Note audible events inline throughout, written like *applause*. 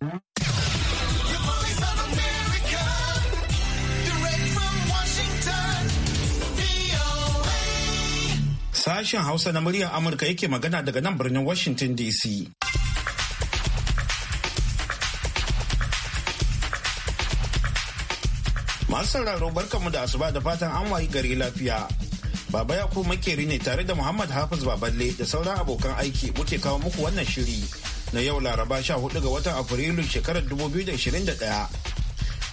Sashen Hausa na muryar Amurka yake magana daga nan birnin Washington DC. Masu sauraro barkanmu da asuba da fatan an wayi gari lafiya. Baba Yakubu makeri ne tare da Muhammad Hafiz Baballe da sauran abokan aiki muke kawo muku wannan shiri. na yau laraba 14 ga watan afrilu shekarar 2021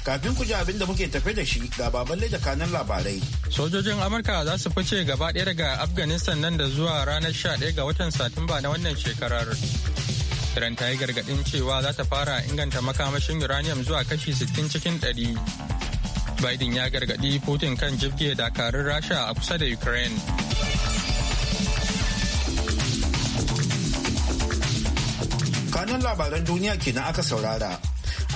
kafin ku ji abin da muke tafe da shi ga baban da kanan labarai sojojin amurka za su fice gaba ɗaya daga afghanistan nan da zuwa ranar 11 ga watan satumba na wannan shekarar Iran ta yi gargaɗin cewa za ta fara inganta makamashin uranium zuwa kashi 60 cikin 100. Biden ya gargaɗi Putin kan jibge dakarun Rasha a kusa da Ukraine. kanan labaran duniya kenan aka saurara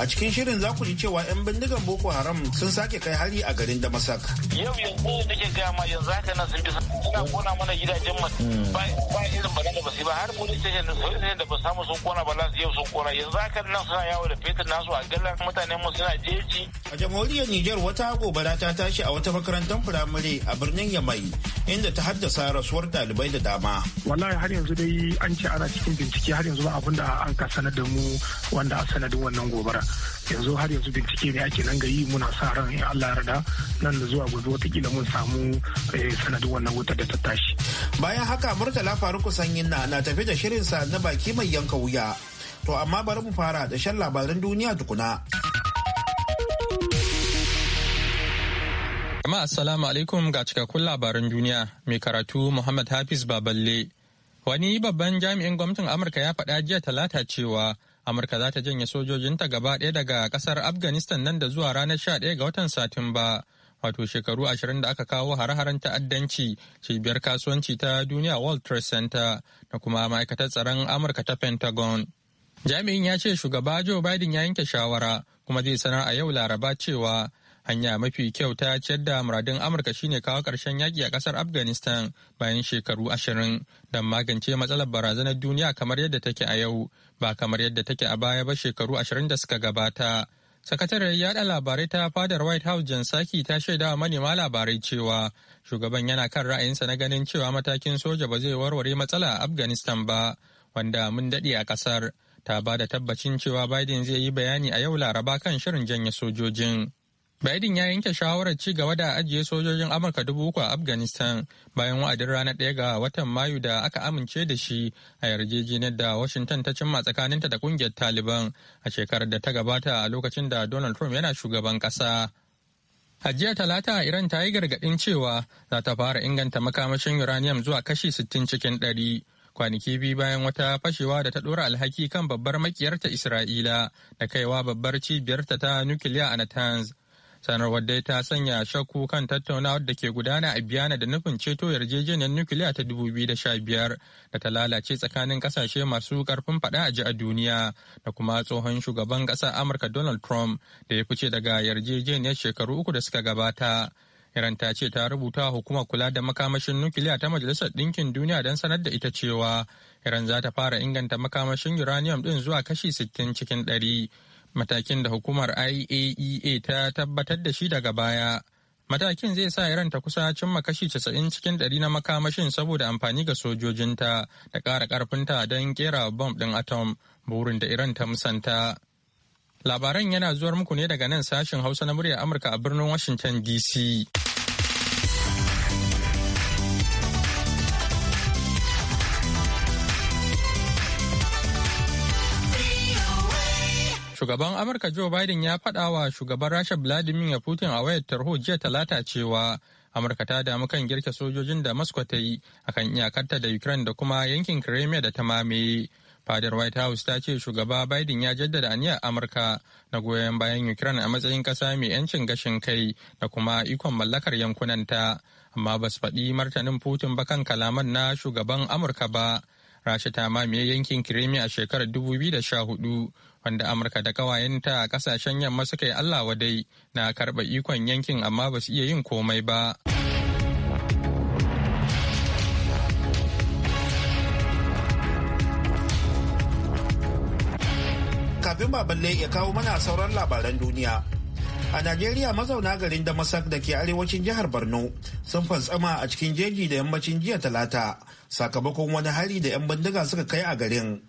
a cikin shirin za ku ji cewa 'yan bindigan boko haram sun sake kai hari a garin da damasak yau yanzu da ke gaya ma yanzu haka nan sun bi suna kona mana gidajen mu hmm. ba irin ba da basu ba har police da station da ba samu sun kona ba lasu yau sun kona yanzu haka nan suna yawo da fetur nasu a gallan mutanen mu suna jeji a jamhuriyar Nijar wata gobara ta tashi a wata makarantar firamare a birnin Yamai inda ta haddasa rasuwar ɗalibai da dama wallahi har yanzu dai an ce ana cikin bincike har yanzu ba abin da an ka sanar da mu wanda a sanadin wannan gobara yanzu har yanzu bincike ne ake nan ga yi muna sa ran in Allah rada nan da zuwa gobe watakila mun samu eh, sanadin wannan wutar da ta tashi. Bayan haka Murtala Faruku Sanyin na na tafi da shirinsa na baki mai yanka wuya. To amma bari mu fara da shan labaran duniya tukuna. Jama'a assalamu alaikum ga cikakkun labaran duniya mai karatu Muhammad Hafiz Baballe. Wani babban jami'in gwamnatin Amurka ya faɗa jiya talata cewa amurka za ta janye sojojinta gaba ɗaya daga ƙasar afghanistan nan da zuwa ranar sha 11 ga watan satumba wato shekaru ashirin da aka kawo hare-haren ta'addanci cibiyar kasuwanci ta duniya world trade center da kuma ma'aikatar tsaron amurka ta pentagon jami'in ya ce shugaba joe biden ya yanke shawara kuma zai sanar a yau laraba cewa hanya mafi kyau ta ciyar da muradun amurka shine kawo karshen yaƙi a ƙasar afghanistan bayan shekaru ashirin don magance matsalar barazanar duniya kamar yadda take a yau ba kamar yadda take a baya ba shekaru ashirin da suka gabata sakatare yaɗa labarai ta fadar white house jan saki ta shaida wa manema labarai cewa shugaban yana kan ra'ayinsa na ganin cewa matakin soja ba zai warware matsala a afghanistan ba wanda mun daɗe a ƙasar ta ba da tabbacin cewa biden zai yi bayani a yau laraba kan shirin janye sojojin Biden ya yanke shawarar ci gaba da ajiye sojojin Amurka dubu uku a Afghanistan bayan wa'adin ranar ɗaya ga watan Mayu da aka amince da shi a yarjejeniyar da Washington ta cimma tsakaninta da kungiyar Taliban a shekarar da ta gabata a lokacin da Donald Trump yana shugaban ƙasa. A jiya talata Iran ta yi gargaɗin cewa za ta fara inganta makamashin uranium zuwa kashi sittin cikin ɗari. kwanaki biyu bayan wata fashewa da ta ɗora alhaki kan babbar makiyarta Isra'ila da kaiwa babbar cibiyarta ta nukiliya a Natanz sanarwar dai ta sanya shakku kan tattaunawar da ke gudana a biyana da nufin ceto yarjejeniyar nukiliya ta 2015 da ta lalace tsakanin kasashe masu karfin fada a ji a duniya da kuma tsohon shugaban ƙasa amurka donald trump da ya fice daga yarjejeniyar shekaru uku da suka gabata iran ta ce ta rubuta hukumar kula da makamashin nukiliya ta majalisar ɗinkin duniya don sanar da ita cewa iran za ta fara inganta makamashin uranium ɗin zuwa kashi 60 cikin ɗari. matakin da hukumar IAEA e ta tabbatar da shi daga baya. Matakin zai sa Iran ta kusa cimma kashi casa'in cikin ɗari na makamashin saboda amfani ga sojojinta da ƙara ƙarfinta don ƙera bom ɗin atom burin da Iran ta musanta. Labaran yana zuwar muku ne daga nan sashen Hausa na muryar Amurka a birnin Washington DC. Shugaban Amurka Joe Biden ya faɗa wa shugaban Rasha Vladimir Putin a wayar tarho jiya talata cewa Amurka ta damu kan girke sojojin da Moscow ta yi akan iyakarta da Ukraine da kuma yankin Crimea da ta mamaye. Fadar White House ta ce shugaba Biden ya jaddada aniyar Amurka na goyon bayan Ukraine a matsayin ƙasa mai 'yancin gashin kai da kuma ikon mallakar yankunan ta Amma ba su faɗi martanin Putin ba kan kalaman na shugaban Amurka ba. rasha ta mamaye yankin kirimi a shekarar 2014 wanda amurka da kawayenta a kasashen yamma suka yi allah wadai na karɓa ikon yankin amma ba su iya yin komai ba kafin baballe ya kawo mana sauran labaran duniya A Najeriya mazauna garin Damasak da ke arewacin jihar Borno sun fantsama a cikin jeji da yammacin jiya talata sakamakon wani hari da 'yan bindiga suka kai a garin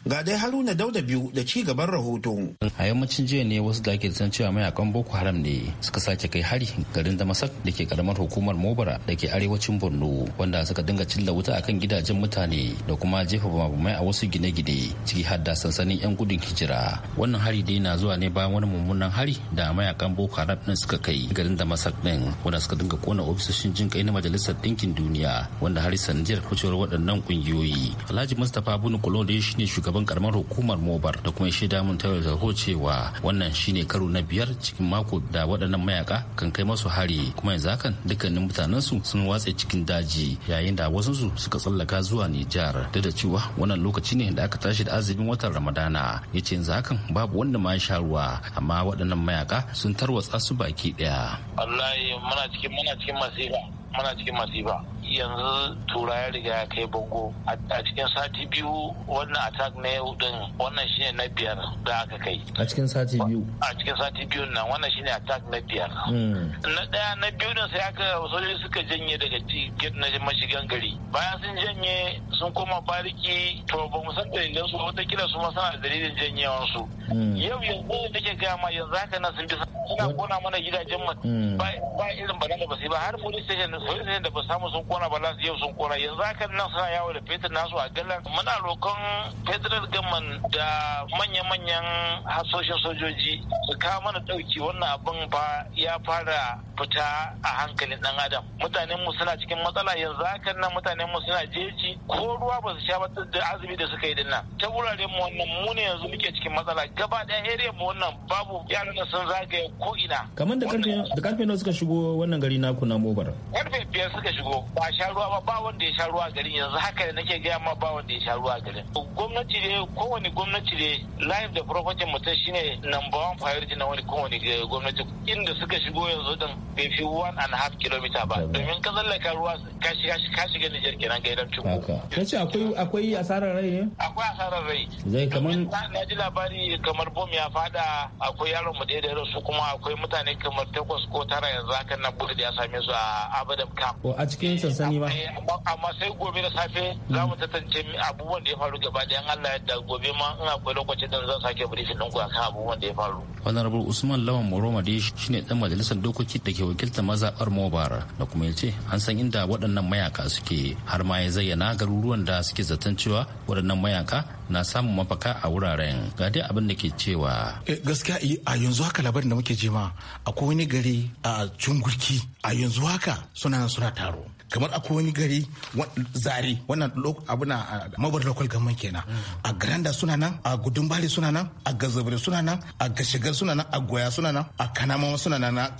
ga dai haruna dauda biyu da ci gaban rahoto a yammacin jiya ne wasu da ake san cewa mayakan boko haram ne suka sake kai hari garin da masak da ke karamar hukumar mobara da ke arewacin borno wanda suka dinga cilla wuta akan gidajen mutane da kuma jefa bamabamai a wasu gine-gine ciki har da sansanin yan gudun hijira wannan hari dai na zuwa ne bayan wani mummunan hari da mayakan boko haram din suka kai garin da masak din wanda suka dinga kona ofisoshin jin kai na majalisar dinkin duniya wanda har sanadiyar kucewar waɗannan ƙungiyoyi alhaji mustapha bunu kolon da ya ne shugaban shugaban karamar hukumar mobar da kuma shaida mun yau da cewa wannan shine karo na biyar cikin mako da waɗannan mayaka kan kai masu hari kuma yanzu hakan dukkanin mutanen su sun watse cikin daji yayin da wasu su suka tsallaka zuwa Nijar Da da cewa wannan lokaci ne da aka tashi da azumin watan Ramadana yace yanzu hakan babu wanda ma ya sha ruwa amma waɗannan mayaka sun tarwatsa su baki ɗaya. na muna cikin muna cikin masifa muna cikin masifa yanzu tura ya riga ya kai bango a cikin sati biyu wannan attack na yau din wannan shine na biyar da aka kai a cikin sati biyu a cikin sati biyu nan wannan shine attack na biyar hmm. na daya na biyu din sai aka sojoji suka janye daga cikin na mashigan gari bayan sun janye sun koma bariki to ba mu san dalilan su wata kila su ma suna da dalilin janyewan su hmm. yau yanzu da ke gaya ma yanzu haka na sun bi suna kona mana gidajen mu hmm. ba irin bana da ba sai ba har police station da police station da ba samu sun kona kona balance yau sun kona yanzu haka nan suna yawo da fetur nasu a galan muna roƙon federal gaman da manya-manyan hasoshin sojoji su kawo mana ɗauki wannan abin ba ya fara fita a hankalin ɗan adam mutanen mu suna cikin matsala yanzu haka nan mutanen mu suna jeji ko ruwa ba su sha ba da azumi da suka yi dinnan ta wuraren mu wannan mu ne yanzu muke cikin matsala gaba ɗaya area mu wannan babu yaran da sun zagaye ko ina kamar da karfe da karfe nawa suka shigo wannan gari naku na mobar karfe biyar suka shigo ba sha ruwa ba ba wanda ya sha ruwa garin yanzu haka da nake gaya ma ba wanda ya sha ruwa garin gwamnati ne kowane gwamnati ne life da property mutum shine number one priority na wani kowane eh, gwamnati inda suka shigo yanzu din bai fi one and a half kilometer ba domin ka tsallaka ruwa ka shiga ka shiga Nijar kenan ga idan cikin ka ce akwai akwai asarar rai ne akwai asarar rai zai kaman na ji labari kamar bom ya fada akwai yaron mu da ya rasu kuma akwai mutane kamar takwas ko tara yanzu haka na gudu da ya same su a Abadam camp a cikin sassa sani ba eh, amma sai gobe da safe za mu tantance abubuwan da ya faru gaba da Allah yadda gobe ma in akwai lokaci dan zan sake briefing din ku akan abubuwan da ya faru honorable usman lawan moroma dai shine dan majalisar dokoki da ke wakiltar mazabar mobara da kuma ya ce an san inda waɗannan mayaka suke har ma ya zayyana garuruwan da suke zaton cewa waɗannan mayaka na samun mafaka a wuraren ga dai abin da ke cewa eh, gaskiya eh, a yanzu haka labarin da muke jima akwai wani gari a cungurki a yanzu haka suna suna taro kamar akwai wani gari zari wannan abu na mabar local government kenan mm. a garanda suna nan a gudun bari suna nan a gazabre suna nan a gashigar suna nan a goya suna nan a kanama suna nan na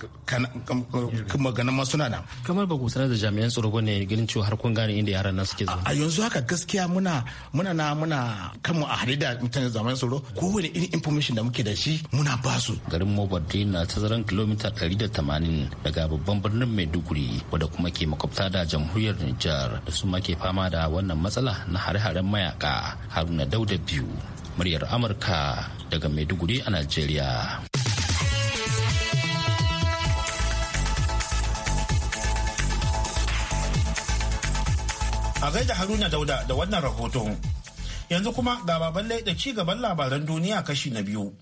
maganama suna nan kamar ba ku sanar da jami'an tsaro ne ganin cewa har kun gane inda yaran nan suke zuwa a yanzu haka gaskiya muna muna na muna kanmu a hari da mutane zaman tsaro kowane irin information da muke da shi muna ba su garin mabar na tazaran kilomita 180 daga babban birnin maiduguri wadda kuma ke makwabta da da jamhuriyar Nijar da su ke fama da wannan matsala na hare-haren mayaka Haruna Dauda biyu muryar Amurka daga Maiduguri a Najeriya. A gaida Haruna Dauda da wannan rahoton. Yanzu kuma ga baban da ci gaban labaran duniya kashi na biyu.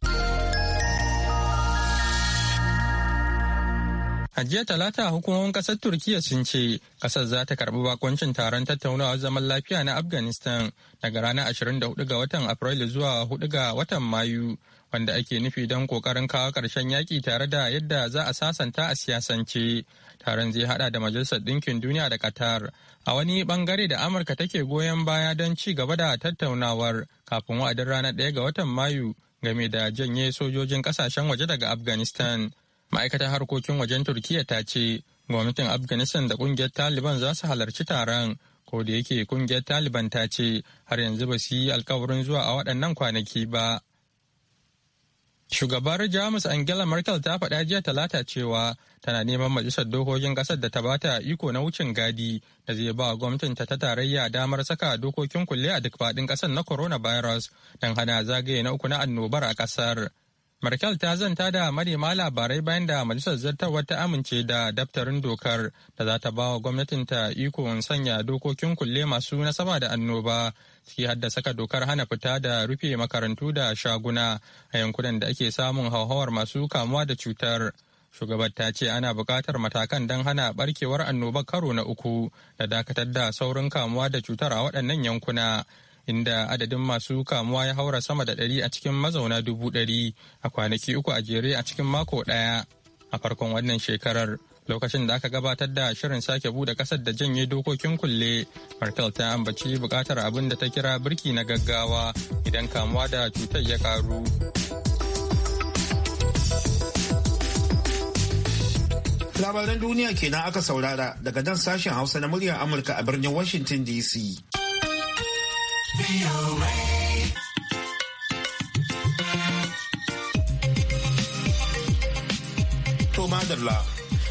A jiya talata hukumomin kasar Turkiyya sun ce kasar za ta karbi bakoncin taron tattaunawar zaman lafiya na Afghanistan daga ranar 24 ga watan Afrilu zuwa 4 ga watan Mayu wanda ake nufi don kokarin kawo karshen yaƙi tare da yadda za a sasanta a siyasance. Taron zai hada da Majalisar Ɗinkin Duniya da Qatar a wani bangare da Amurka take goyon baya don ci gaba da tattaunawar kafin wa'adin ranar 1 ga watan Mayu game da janye sojojin kasashen waje daga Afghanistan. ma'aikatar harkokin wajen turkiya ta ce gwamnatin afghanistan da kungiyar taliban za su halarci taron ko da yake kungiyar taliban ta ce har yanzu ba su yi alkawarin zuwa a waɗannan kwanaki ba shugabar jamus angela merkel ta faɗa jiya talata cewa tana neman majalisar dokokin ƙasar da ta bata iko na wucin gadi da zai ba gwamnatin ta tarayya damar saka dokokin kulle a duk faɗin ƙasar na coronavirus don hana zagaye na uku na annobar a ƙasar. Merkel ta zanta da manema labarai bayan da majalisar zartarwa ta amince da daftarin dokar da za ta ba wa gwamnatinta ikon sanya dokokin kulle masu nasaba da annoba ciki hadda saka dokar hana fita da rufe makarantu da shaguna a yankunan da ake samun hauhawar masu kamuwa da cutar. Shugabar ta ce ana bukatar matakan don hana barkewar annobar karo na uku da dakatar da saurin kamuwa da cutar a waɗannan yankuna. inda adadin masu kamuwa ya haura sama da ɗari a cikin mazauna dubu ɗari a kwanaki uku a jere a cikin mako ɗaya a farkon wannan shekarar lokacin da aka gabatar da shirin sake bude kasar da janye dokokin kulle martel ta ambaci bukatar abin da ta kira birki na gaggawa idan kamuwa da cutar ya karu labaran duniya kenan aka saurara daga nan sashen hausa na muryar amurka a birnin washington dc madalla.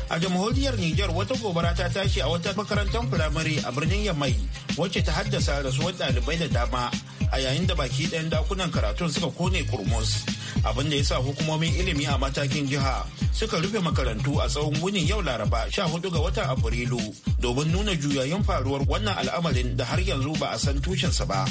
A jamhuriyar Nijar wata gobara ta tashi a wata makarantar firamare a birnin Yamai wacce ta haddasa rasuwar ɗalibai da dama a yayin da baki ɗayan dakunan karatun suka kone kurmus. abin da ya sa hukumomin ilimi a matakin jiha suka rufe makarantu a tsawon wunin yau laraba 14 ga watan afrilu domin nuna juyayin faruwar wannan al'amarin da har yanzu ba a san tushensa ba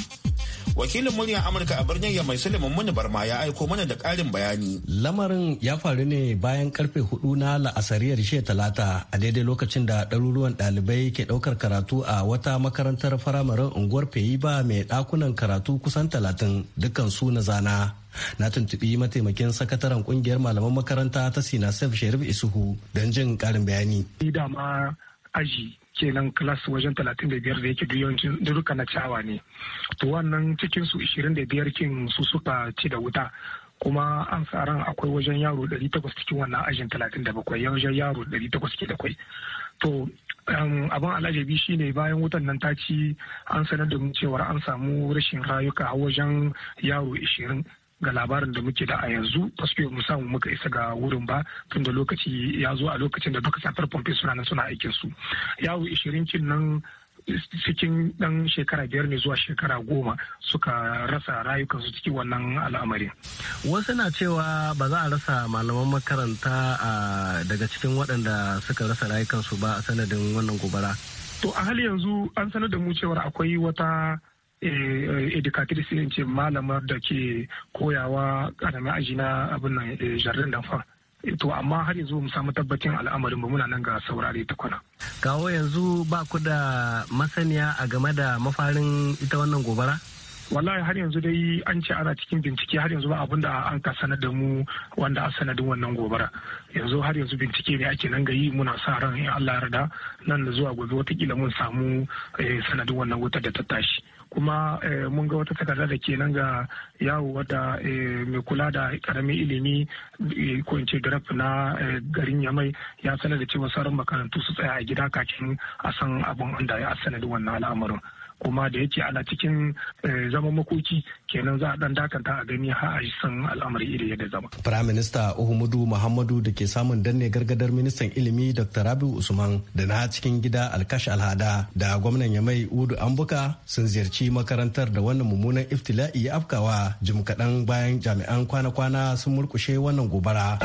wakilin muryar amurka a birnin ya mai sulaiman muni barma ya aiko mana da ƙarin bayani lamarin ya faru ne bayan karfe hudu na la'asariyar shiya talata a daidai lokacin da ɗaruruwan ɗalibai ke ɗaukar karatu a wata makarantar firamaren unguwar ba mai ɗakunan karatu kusan talatin dukkan su na zana na tuntubi mataimakin sakataren kungiyar malaman makaranta ta saif sharif isuhu don jin ƙarin bayani dama aji kenan class wajen 35 da yake yawancin duka na cawa ne to wannan cikin su 25 kin su suka ci da wuta kuma an ran akwai wajen yaro 800 cikin wannan ajin 37 ya wajen yaro 800 ke to um, abin alajabi shine bayan wutan nan ta ci an sanar da mu cewar an samu rashin rayuka a wajen yaro 20 ga labarin da muke da a yanzu ba su mu muka isa ga wurin ba tun da lokaci ya zo a lokacin da duka safar pompe suna nan suna aikin su yawo ishirin kin nan cikin dan shekara biyar ne zuwa shekara goma suka rasa rayukansu cikin wannan al'amari. Wasu na cewa ba za a rasa malaman makaranta daga cikin waɗanda suka rasa rayukansu ba a sanadin wannan gobara. To a hali yanzu an sanar da mu cewar akwai wata Eh, eh, educatrice in ce malamar da ke koyawa ƙaramin aji na abin nan eh, jardin danfa to amma har yanzu mu samu tabbacin al'amarin ba muna nan ga saurare ta kwana. kawo yanzu ba ku da masaniya a game da mafarin ita wannan gobara? wallahi har yanzu dai an ce ana cikin bincike har yanzu ba abin da an ka sanar da mu wanda a sanadin wannan gobara yanzu har yanzu bincike ne ake nan ga gayi muna sa ran in Allah rada nan da zuwa gobe watakila mun samu sanadin wannan wutar da ta tashi. kuma eh, mun ga wata takarda da ke nan ga yawo wata eh, mai kula da karamin ilimi eh, ko in ce na garin yamai ya sanar da cewa sauran makarantu su tsaya a gida kakin a san abin da ya sanadi wannan al'amarin kuma da yake ana cikin eh, zaman makoki kenan za a dan dakanta a gani har a san al'amari iri yadda zama. Prime Minister Uhumudu Muhammadu da ke samun danne gargadar ministan ilimi Dr. Rabiu Usman da na cikin gida Alkash Alhada da gwamnan Yamai Udu Ambuka sun ziyarci makarantar da wannan mummunan iftila'i ya afkawa jim kaɗan bayan jami'an kwana-kwana sun murkushe wannan gobara.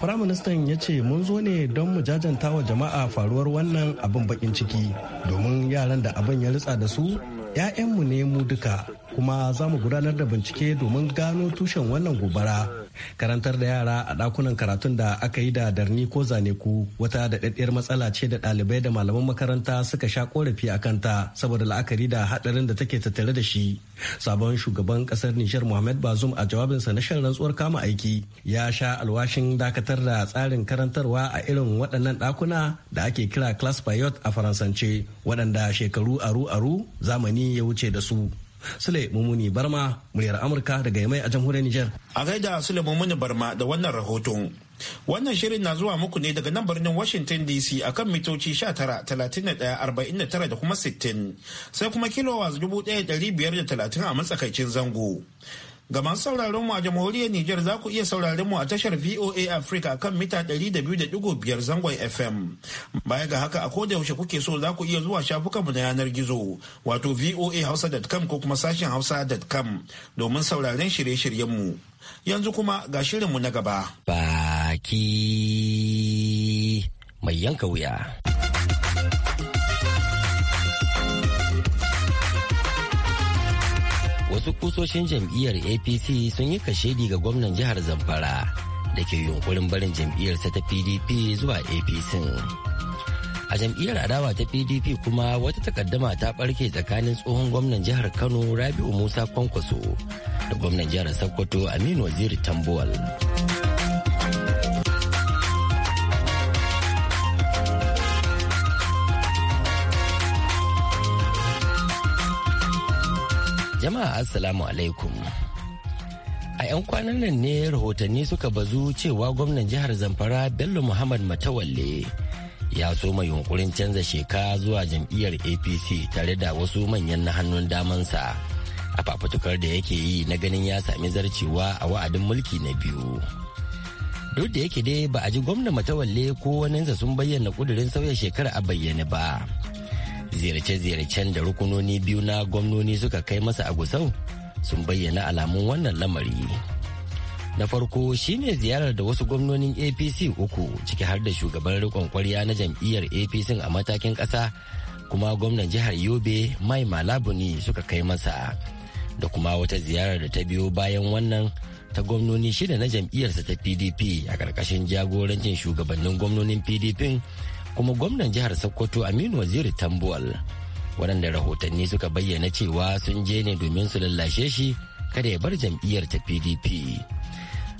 Firaministan euh, ya ce mun zo ne don mu jajanta wa jama'a faruwar wannan abin bakin ciki domin yaran da abin ya ritsa da su 'ya'yanmu ne mu duka kuma za mu gudanar da bincike domin gano tushen wannan gobara karantar da yara a ɗakunan karatun da aka yi da darni ko zaneku wata daɗaɗɗiyar matsala ce da ɗalibai da malaman makaranta suka sha korafi a kanta saboda la'akari da haɗarin da take tattare da shi sabon shugaban ƙasar nijar muhammad bazum a jawabinsa na shan rantsuwar kama aiki ya sha alwashin dakatar da tsarin karantarwa a irin waɗannan ɗakuna da ake kira class pilot a faransance waɗanda shekaru aru-aru zamani ya wuce da su Sule Mumuni Barma, muryar Amurka daga Yamai a jamhuriyar Nijar. A gaida Sule Mumuni Barma da wannan rahoton. Wannan shirin na zuwa muku ne daga nan birnin Washington DC a kan mitoci 19,31,49 da kuma 60 sai kuma kilowa 1,530 a matsakaicin zango. Ga masu sauraron mu a jamhuriyar Nijar za ku iya sauraron mu a tashar VOA Africa kan mita 200.5 zangon FM. Baya ga haka a koda yaushe kuke so za ku iya zuwa shafukan mu na yanar gizo wato voahausa.com ko kuma sashen hausa.com domin sauraron shirye-shiryen mu. Yanzu kuma ga shirin mu na gaba. Baki mai yanka wuya. wasu kusoshin jam'iyyar apc sun yi kashedi ga gwamnan jihar zamfara da ke yunkurin barin sa ta pdp zuwa apc a jam'iyyar adawa ta pdp kuma wata takaddama ta barke tsakanin tsohon gwamnan jihar kano rabiu musa kwankwaso da gwamnan jihar sokoto aminu waziri tambuwal. Jama'a Assalamu alaikum. A 'yan kwanan nan ne rahotanni suka bazu cewa gwamnan jihar Zamfara Bello Muhammad Matawalle ya so mai yunkurin canza sheka zuwa jam'iyyar APC tare da wasu manyan na hannun damansa a fafutukar da yake yi na ganin ya sami zarcewa a wa'adin mulki na biyu. Duk da yake dai ba a ji gwamnan Matawalle ko waninsa sun bayyana kudirin sauya shekara a bayyane ba. ziyarce-ziyarcen da rukunoni biyu na gwamnoni suka kai masa a gusau sun bayyana alamun wannan lamari na farko shine ziyarar da wasu gwamnonin apc uku ciki har da shugaban rikon kwarya na jam'iyyar apc a matakin ƙasa kuma gwamnan jihar yobe mai malabuni suka kai masa da kuma wata ziyarar da ta biyo bayan wannan ta gwamnoni shida na jam'iyyarsa ta pdp a ƙarƙashin jagorancin shugabannin gwamnonin pdp kuma gwamnan jihar sokoto aminu waziri tambuwal waɗanda rahotanni suka bayyana cewa sun je ne domin su lallashe shi kada ya bar jam'iyyar ta pdp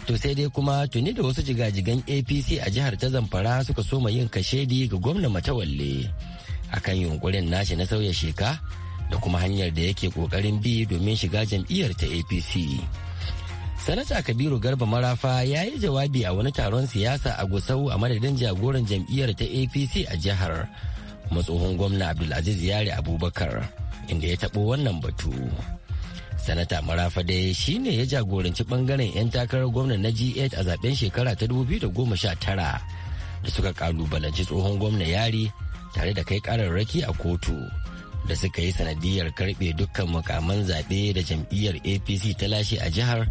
to sai dai kuma tuni da wasu jigajigan apc a jihar ta zamfara suka soma yin kashedi ga gwamna matawalle akan yunkurin nashi na sauya sheka da kuma hanyar da yake kokarin bi domin shiga jam'iyyar ta apc Sanata Kabiru Garba Marafa ya yi jawabi a wani taron siyasa a Gusau a madadin jagoran jam'iyyar ta APC a jihar. Matsohon gwamna Abdulaziz Yare Abubakar inda ya taɓo wannan batu. Sanata Marafa dai shi ne ya jagoranci ɓangaren 'yan takarar gwamna na G8 a zaben shekara ta 2019 da suka kalubalanci tsohon gwamna Yari tare da kai kararraki a kotu. da suka yi sanadiyar karɓe dukkan mukaman zaɓe da jam'iyyar apc ta lashe a jihar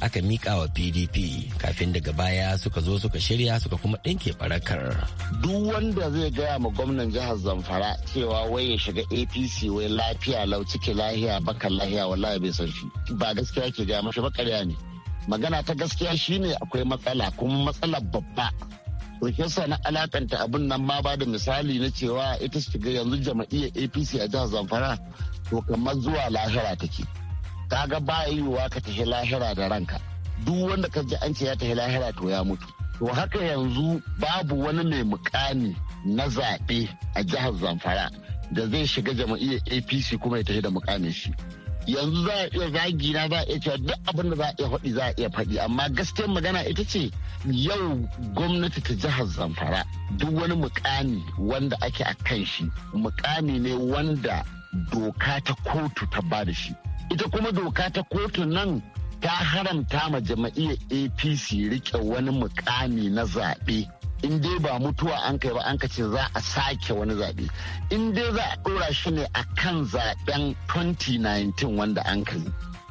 aka mika wa pdp kafin daga baya suka zo suka shirya suka kuma ɗinke barakar duk wanda zai gaya ma gwamnan jihar zamfara cewa wai ya shiga apc wai lafiya lau ciki lahiya bakan lahiya wallahi bai san shi ba gaskiya ke gaya mashi bakarya ne magana ta gaskiya shine akwai matsala kuma matsalar babba rikinsa na alakanta abin nan ma ba da misali na cewa ita shiga yanzu jama'iyyar APC a jihar Zamfara to kamar zuwa lahira take. kaga ba yiwuwa ka tafi lahira da ranka duk wanda ka ji an ce ya tafi lahira to ya mutu to haka yanzu babu wani mai mukami na zaɓe a jihar zamfara da zai shiga jama'iyyar apc kuma ya tafi da mukamin shi yanzu za a iya zagi na za a iya cewa duk abin da za a iya faɗi za a iya faɗi amma gaskiyar magana ita ce yau gwamnati ta jihar zamfara duk wani mukami wanda ake a kan shi mukami ne wanda doka ta kotu ta ba da shi ita kuma doka ta kotu nan ta haramta ma jama'iyyar apc rike wani mukami na zaɓe in dai ba mutuwa an kai ba an ka ce za a sake wani zaɓe in dai za a ɗora shi ne a kan zaɓen 2019 wanda an kai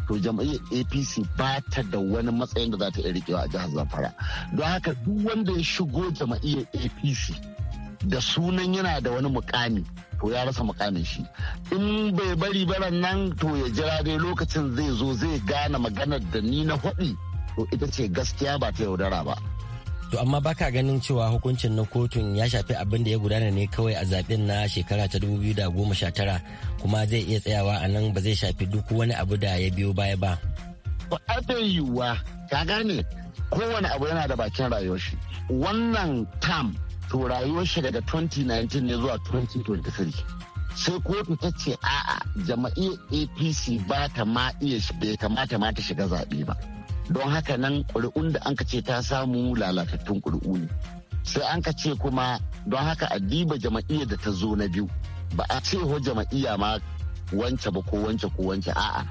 to jam'iyyar apc ba ta da wani matsayin da za ta iya rikewa a jihar zamfara don haka duk wanda ya shigo jam'iyyar apc da sunan yana da wani mukami to ya rasa mukamin shi in bai bari baran nan to ya jira dai lokacin zai zo zai gane maganar da ni na faɗi to ita ce gaskiya ba ta yaudara ba to amma baka ganin cewa hukuncin na kotun ya shafi abin da ya gudana ne kawai a zaben na shekara ta 2019 kuma zai iya tsayawa a nan ba zai shafi duk wani abu da ya biyo baya ba ba a yiwuwa ka gane kowane abu yana da bakin rayuwar shi wannan tam to rayuwar shi daga 2019 ne zuwa 2023 sai kotu ta ce a'a jama'iyyar apc ba ta ma iya bai kamata ma ta shiga zaɓe ba don haka nan ƙuri'un da anka ce ta samu lalatattun ƙuri'u ne sai anka ce kuma don haka a diba jama'iyyar da ta zo na biyu ba a ce ho jama'iyya ma wance ba ko wance ko wance a'a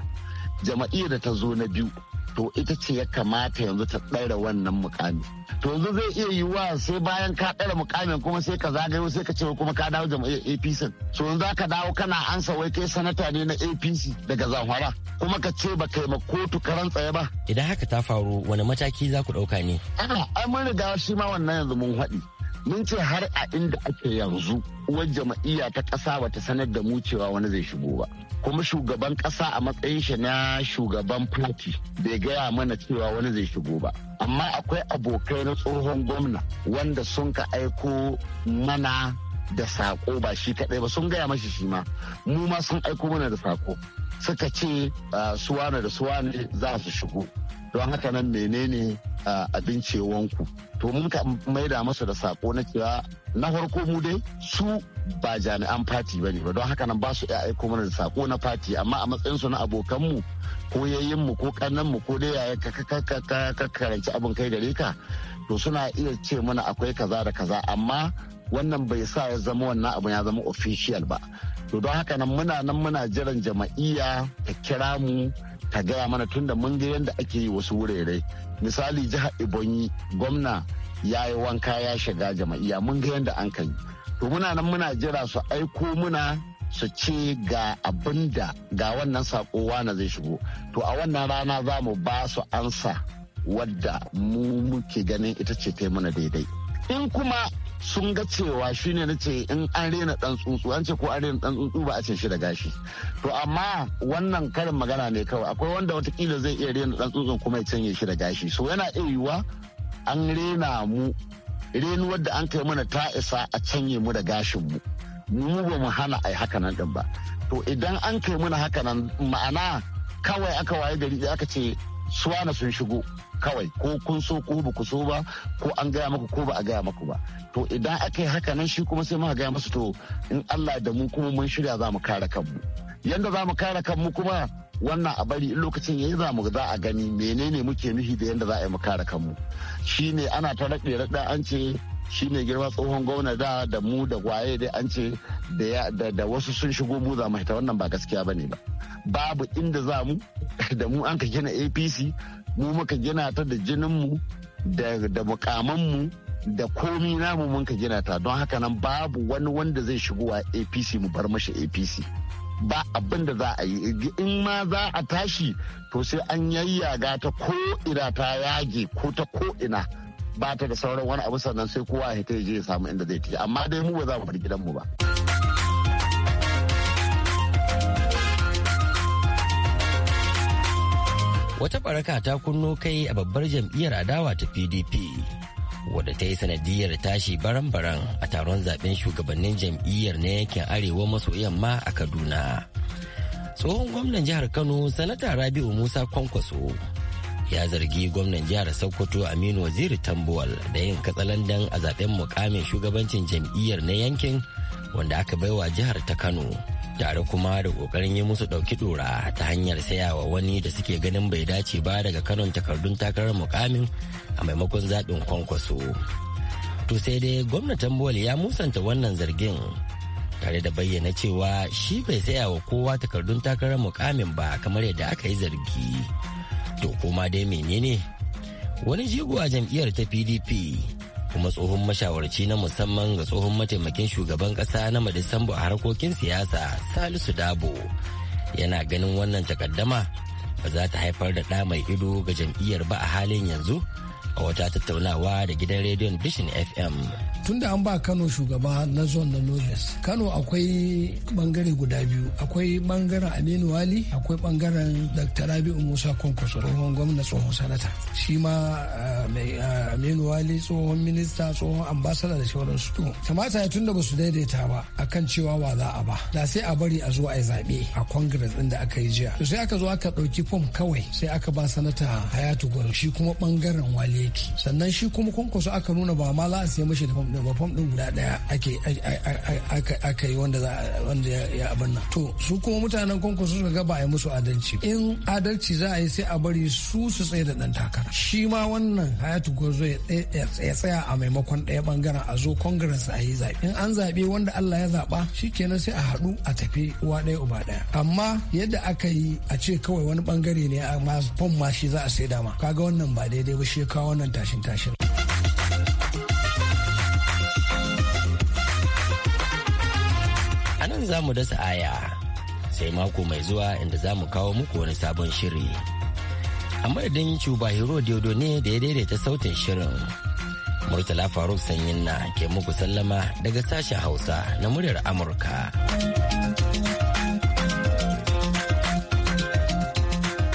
jama'iyyar da ta zo na biyu to ita ce ya kamata yanzu ta ɗaira wannan mukami to yanzu zai iya yiwuwa sai bayan ka ɗaira mukamin kuma sai ka zagayo sai ka ce kuma ka dawo jam'iyyar apc To yanzu ka dawo kana ansa wai kai sanata ne na apc daga zamfara kuma ka ce ba kai ma kotu ka tsaye ba idan haka ta faru wani mataki za ku ɗauka ne a'a ai mun riga shi ma wannan yanzu mun haɗi mun ce har a inda ake yanzu uwar jama'iyya ta ƙasa bata sanar da mu cewa wani zai shigo ba kuma shugaban ƙasa a matsayin shi na shugaban party bai gaya mana cewa wani zai shigo ba amma akwai abokai na tsohon gwamna wanda sun ka aiko mana da sako ba shi kadai ba sun gaya mashi shi ma mu ma sun aiko mana da sako suka ce ah, suwane da suwane za su shigo don haka nan menene abin cewanku to mun ka maida masa da sako na cewa na farko mu dai su ba jami'an fati bane ba don haka nan ba su iya aiko mana da sako na fati amma a matsayin su na abokanmu ko mu ko mu ko dai yaya ka karanci abin kai gare ka to suna iya ce mana akwai kaza da kaza amma wannan bai sa ya zama wannan abu ya zama official ba to don haka nan muna nan muna jiran jama'iya ta kira mu ta gaya mana tunda mun ga yadda ake yi wasu wurare misali jihar ibonyi gwamna ya yi wanka ya shiga jama'iya mun ga yadda an kai to muna nan muna jira su aiko muna su ce ga abin da ga wannan sako na zai shigo to a wannan rana za mu ba su ansa wadda mu muke ganin ita ce ta mana daidai in kuma sun ga cewa shine na ce in an rena dan tsuntsu an ce ko an rena dan tsuntsu ba a ce shi da gashi to amma wannan karin magana ne kawai akwai wanda watakila zai iya rena dan tsuntsu kuma ya canye shi da gashi so yana iya yiwuwa an rena mu renuwar da an kai mana ta isa a canye mu da gashin mu mu ba mu hana ai haka nan din ba to idan an kai mana haka nan ma'ana kawai aka waye gari aka ce suwana sun shigo kawai ko kun so ko ba ku so ba ko an gaya maku ko ba a gaya maku ba to idan aka yi haka nan shi kuma sai muka gaya masu to in Allah da mu kuma mun shirya za mu kare kanmu yanda za mu kare kanmu kuma wannan a bari in lokacin yayi za mu za a gani menene muke nufi da yanda za a yi mu kare kanmu shine ana ta rade da an ce shi ne girma tsohon gwamna da da mu da gwaye dai an ce da wasu sun shigo mu za mu hita wannan ba gaskiya ba ne ba babu inda za mu *laughs* da mu an ka gina apc mu muka gina ta da jinin mu da mukaman mu da komi namu mun ka gina ta don haka nan babu wani wanda zai shigo a apc mu bar mashi apc ba abin da za a yi in ma za a tashi to sai an yayyaga ta ko ina ta yage ko ta ko ina ba ta da sauran wani abu sannan sai kowa ya ta je ya samu inda zai tafi amma dai mu ba za mu bar gidanmu ba. Wata baraka ta kunno kai a babbar jam'iyyar adawa ta PDP wadda ta yi sanadiyar tashi baran-baran a taron zaben shugabannin jam'iyyar na yankin arewa maso yamma a Kaduna. Tsohon gwamnan jihar Kano Sanata Rabi'u Musa Kwankwaso ya zargi gwamnan jihar sokoto aminu waziri tambuwal da yin katsalandan a zaben mukamin shugabancin jam'iyyar na yankin wanda aka baiwa jihar ta kano tare kuma da kokarin yi musu ɗauki ɗora ta hanyar sayawa wani da suke ganin bai dace ba daga kanon takardun takarar mukamin a maimakon zaɓin kwankwaso to sai dai gwamnan tambuwal ya musanta wannan zargin tare da bayyana cewa shi bai sayawa kowa takardun takarar mukamin ba kamar yadda aka yi zargi to koma dai menene wani jigo a jam'iyyar ta pdp kuma tsohon mashawarci na musamman ga tsohon mataimakin shugaban kasa na majalisar a harkokin siyasa salisu dabo yana ganin wannan takaddama ba za ta haifar da ɗa mai ido ga jam'iyyar ba a halin yanzu a wata tattaunawa da gidan rediyon bishin fm tunda an ba kano shugaba na zon na northwest kano akwai bangare guda biyu akwai bangaren aminu wali akwai bangaren dr rabi'u musa kwankwaso tsohon gwamna tsohon sanata shi ma eh, eh, aminu wali tsohon minista tsohon ambasada da sauransu su kamata ya tunda ba su daidaita ba akan cewa wa za a ba da sai a bari a zo a yi zaɓe a congress ɗin da aka yi jiya to sai aka zo aka ɗauki fom kawai sai aka ba sanata hayatu gwaro shi kuma bangaren wali yake sannan shi kuma kwankwaso aka nuna ba ma za a siya mashi da fam ba fom din guda daya ake aka yi wanda ya abin to su kuma mutanen kwankwaso suka ga ba a musu adalci in adalci za a yi sai a bari su su tsaye da dan takara shi ma wannan hayatu zo ya tsaya a maimakon ɗaya bangaren a zo congress a yi zaɓe in an zaɓe wanda allah ya zaɓa shi kenan sai a haɗu a tafi uwa ɗaya uba ɗaya amma yadda aka yi a ce kawai wani bangare ne a fam ma shi za a sai dama kaga wannan ba daidai ba shi kawo wannan tashin tashin anan za mu dasa aya sai mako mai zuwa inda zamu kawo muku wani sabon shiri a madadin cuba hero diodo ne da ya daidaita sautin shirin murtala faruk sanyin na ke muku sallama daga sashen hausa na muryar amurka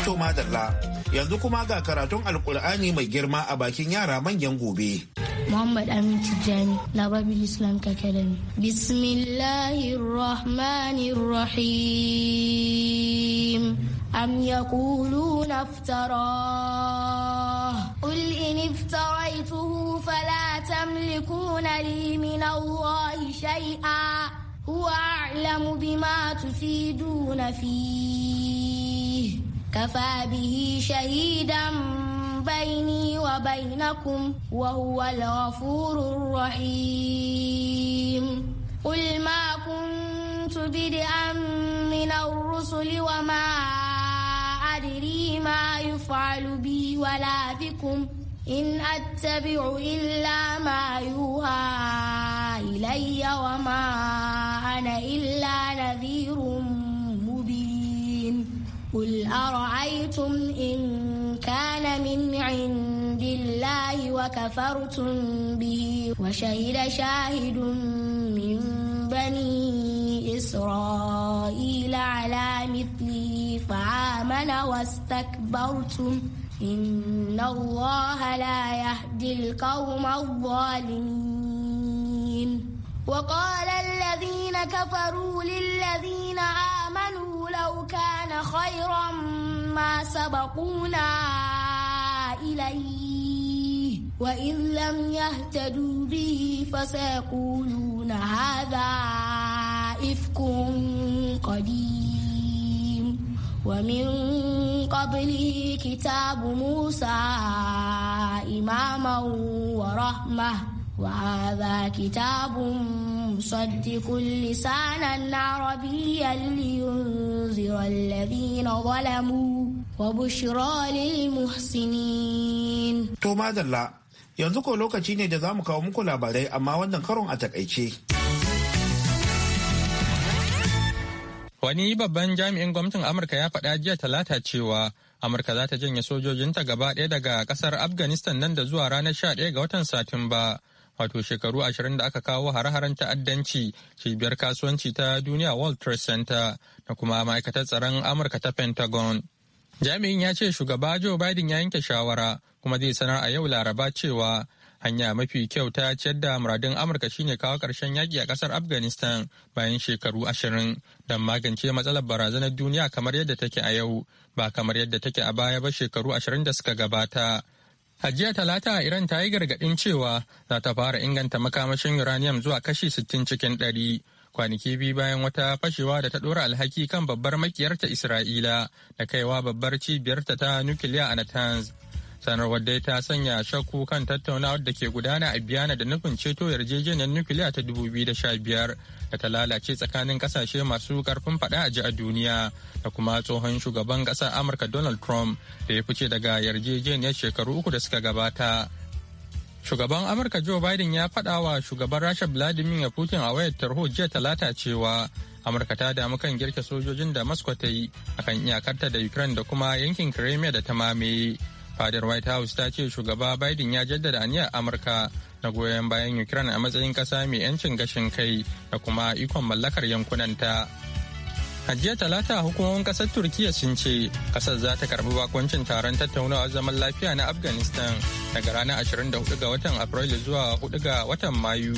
to madalla yanzu kuma ga karatun alkur'ani mai girma a bakin yara manyan gobe Muhammad Amin Tijjani, Lababil Islamic Academy. Bismillahirrahmanirrahim. أم يقولون افتراه قل إن افتريته فلا تملكون لي من الله شيئا هو أعلم بما تفيدون فيه كفى به شهيدا بيني وبينكم وهو الغفور الرحيم قل ما كنت بدعا من الرسل وما أدري ما يفعل بي ولا بكم إن أتبع إلا ما يوحى إلي وما أنا إلا نذير قل أرأيتم إن كان من عند الله وكفرتم به وشهد شاهد من بني إسرائيل على مثله فآمن واستكبرتم إن الله لا يهدي القوم الظالمين وقال الذين كفروا للذين آمنوا آمنوا لو كان خيرا ما سبقونا إليه وإن لم يهتدوا به فسيقولون هذا إفك قديم ومن قبله كتاب موسى إماما ورحمه وهذا كتاب مصدق لسانا عربيا لينذر الذين ظلموا وبشرى للمحسنين yanzu ko lokaci ne da za mu kawo muku labarai amma wannan karon a takaice wani babban jami'in gwamnatin amurka ya faɗa jiya talata cewa amurka za ta janye sojojinta gaba ɗaya daga ƙasar afghanistan nan da zuwa ranar 11 ga watan satumba wato shekaru ashirin da aka kawo hare-haren ta'addanci cibiyar kasuwanci ta duniya world trade center da kuma ma'aikatar tsaron amurka ta pentagon jami'in ya ce shugaba joe biden ya yanke shawara kuma zai sanar a yau laraba cewa hanya mafi kyau ta ciyar da muradin amurka shine kawo karshen yaƙi a ƙasar afghanistan bayan shekaru ashirin don magance matsalar barazanar duniya kamar yadda take a yau ba kamar yadda take a baya ba shekaru ashirin da suka gabata A jiya talata Iran ta yi gargaɗin cewa za ta fara inganta makamashin uranium zuwa kashi 60 cikin ɗari kwanaki biyu bayan wata fashewa da ta ɗora alhaki kan babbar makiyarta Isra'ila da kaiwa babbar cibiyarta ta nukiliya a Natanz. sanarwar dai ta sanya shakku kan tattaunawar da ke gudana a biyana da nufin ceto yarjejeniyar nukiliya ta 2015 da ta lalace tsakanin kasashe masu karfin fada a ji a duniya da kuma tsohon shugaban kasar amurka donald trump da ya fice daga yarjejeniyar shekaru uku da suka gabata shugaban amurka joe biden ya faɗa wa shugaban rasha vladimir putin a wayar tarho jiya talata cewa amurka ta damu kan girke sojojin da moscow ta yi akan iyakarta da ukraine da kuma yankin crimea da ta mamaye fadar white house ta ce shugaba biden ya jaddada aniyar amurka na goyon bayan ukraine a matsayin kasa mai yancin gashin kai da kuma ikon mallakar yankunanta a jiya talata hukumomin kasar turkiya sun ce kasar za ta karbi bakoncin taron tattaunawa zaman lafiya na afghanistan daga ranar 24 ga watan afrilu zuwa 4 ga watan mayu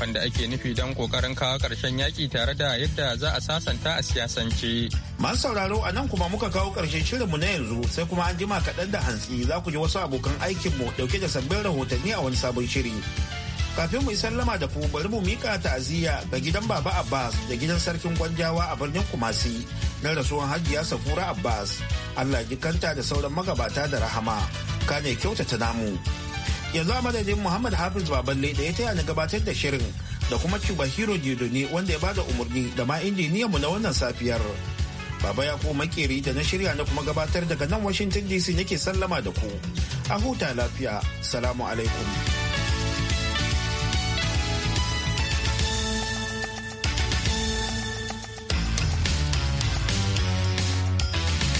wanda ake nufi don kokarin kawo karshen yaƙi tare da yadda za a sasanta a siyasance. Masu sauraro a nan kuma muka kawo karshen shirinmu na yanzu sai kuma an jima kaɗan da hantsi za ku ji wasu abokan aikinmu ɗauke da sabbin rahotanni a wani sabon shiri. Kafin mu sallama da ku bari mu mika ta'aziyya ga gidan Baba Abbas da gidan Sarkin Gwanjawa a birnin Kumasi na rasuwan Hajiya Safura Abbas. Allah kanta da sauran magabata da rahama. Kane kyautata namu. yanzu a madadin muhammad hafiz baballe da ya taya na gabatar da shirin da kuma cuba hero ne wanda ya bada umarni da ma injiniyan mu na wannan safiyar baba ya ko makeri da na shirya na kuma gabatar daga nan washington dc nake sallama da ku a huta lafiya salamu alaikum